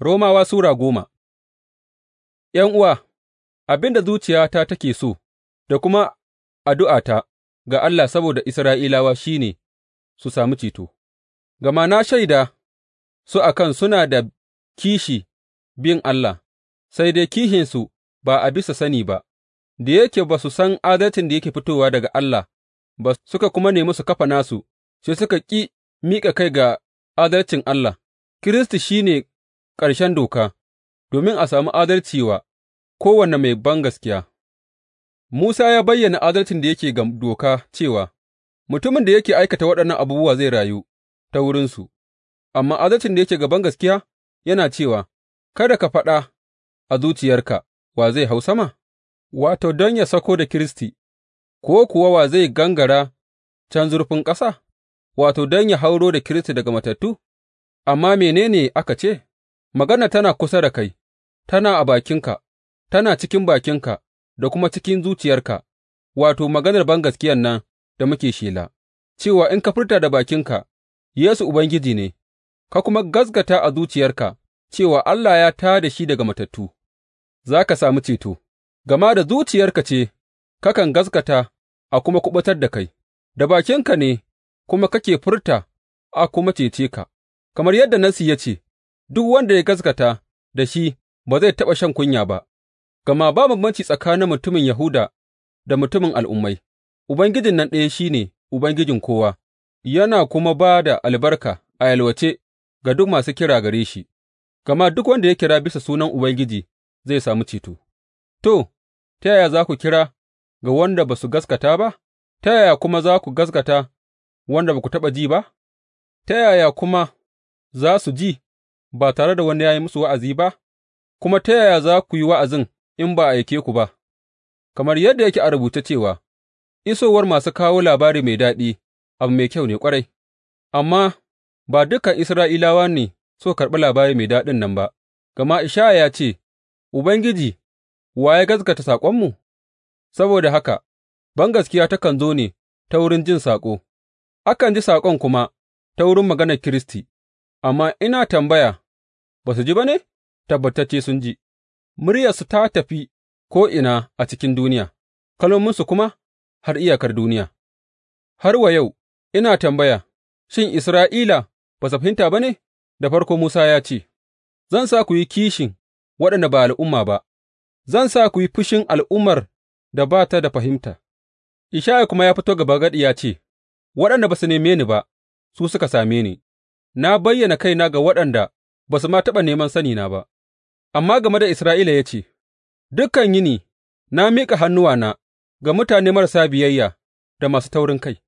Romawa Sura goma ’Yan'uwa, abin da zuciyata take so da kuma addu'ata ga Allah saboda Isra'ilawa shi ne su sami ceto, gama na shaida su a kan suna da kishi bin Allah, sai dai kishinsu ba a bisa sani ba, da yake ba su san adalcin da yake fitowa daga Allah ba suka kuma nemi su kafa nasu, sai suka ƙi miƙa kai ga adalcin Allah, Kiristi shi ne ƙarshen doka, domin a sami adalci wa kowane mai bangaskiya. Musa ya bayyana adalcin da yake ga doka cewa, Mutumin da yake aikata waɗannan abubuwa zai rayu ta wurinsu, amma adalcin da yake ga bangaskiya yana cewa, Kada ka faɗa a zuciyarka wa zai hau sama, wato, don ya sako da Kiristi, ko kuwa wa zai gangara can zurfin ƙasa, wato, don ya hauro da Kiristi daga matattu, amma menene aka ce? maganar tana kusa da kai, tana a bakinka, tana cikin bakinka da kuma cikin zuciyarka, wato, maganar bangaskiyan nan da muke shela, cewa in ka furta da bakinka, Yesu Ubangiji ne, ka kuma gaskata a zuciyarka cewa Allah ya tā da shi daga matattu, za ka sami ceto, gama da zuciyarka ce kakan gaskata a kuma kuɓutar da kai, da bakinka ne kuma kake furta a kuma cece ka, kamar yadda Nassi ya ce. Duk wanda ya gaskata da shi ba zai taɓa shan kunya ba, gama ba bambanci tsakanin mutumin Yahuda da mutumin Al'ummai, Ubangijin nan ɗaya shi ne Ubangijin kowa, yana kuma ba da albarka a yalwace ga duk masu kira gare shi, gama duk wanda ya kira bisa sunan Ubangiji zai samu ceto. To, ta yaya za ku kira ga wanda ba su gaskata ba? Ta yaya kuma za ku gaskata wanda ba ku taɓa ji ba? Ta yaya kuma za su ji ba tare da wani ya yi musu wa'azi ba, kuma ta yaya za ku yi wa'azin in ba a aike ku ba, kamar yadda yake a rubuta cewa, Isowar masu kawo labari mai daɗi abu mai kyau ne ƙwarai, amma ba dukan Isra'ilawa ne so karɓi labari mai daɗin nan ba, gama Ishaya ya ce, Ubangiji, wa ya gaskata saƙonmu? Saboda haka, bangaskiya takan zo ne ta wurin jin saƙo, akan ji saƙon kuma ta wurin maganar Kiristi. amma ina tambaya, ba su ji ba ne? Tabbatacce sun ji, muryarsu ta tafi ko'ina a cikin duniya, kalmominsu kuma har iyakar duniya. Har wa yau, ina tambaya, shin Isra'ila ba su fahimta ba ne? Da farko Musa ya ce, Zan sa ku yi kishin waɗanda ba al'umma ba, zan sa ku yi fushin al'ummar da ba ta da fahimta. Ishaya kuma ya fito gaba gaɗi ya ce, Waɗanda ba su neme ni ba, su suka same ni. Na bayyana kaina ga waɗanda ba su ma taɓa neman sanina ba, amma game da Isra'ila ya ce, Dukan yini na miƙa hannuwana ga mutane marasa biyayya da masu taurinkai.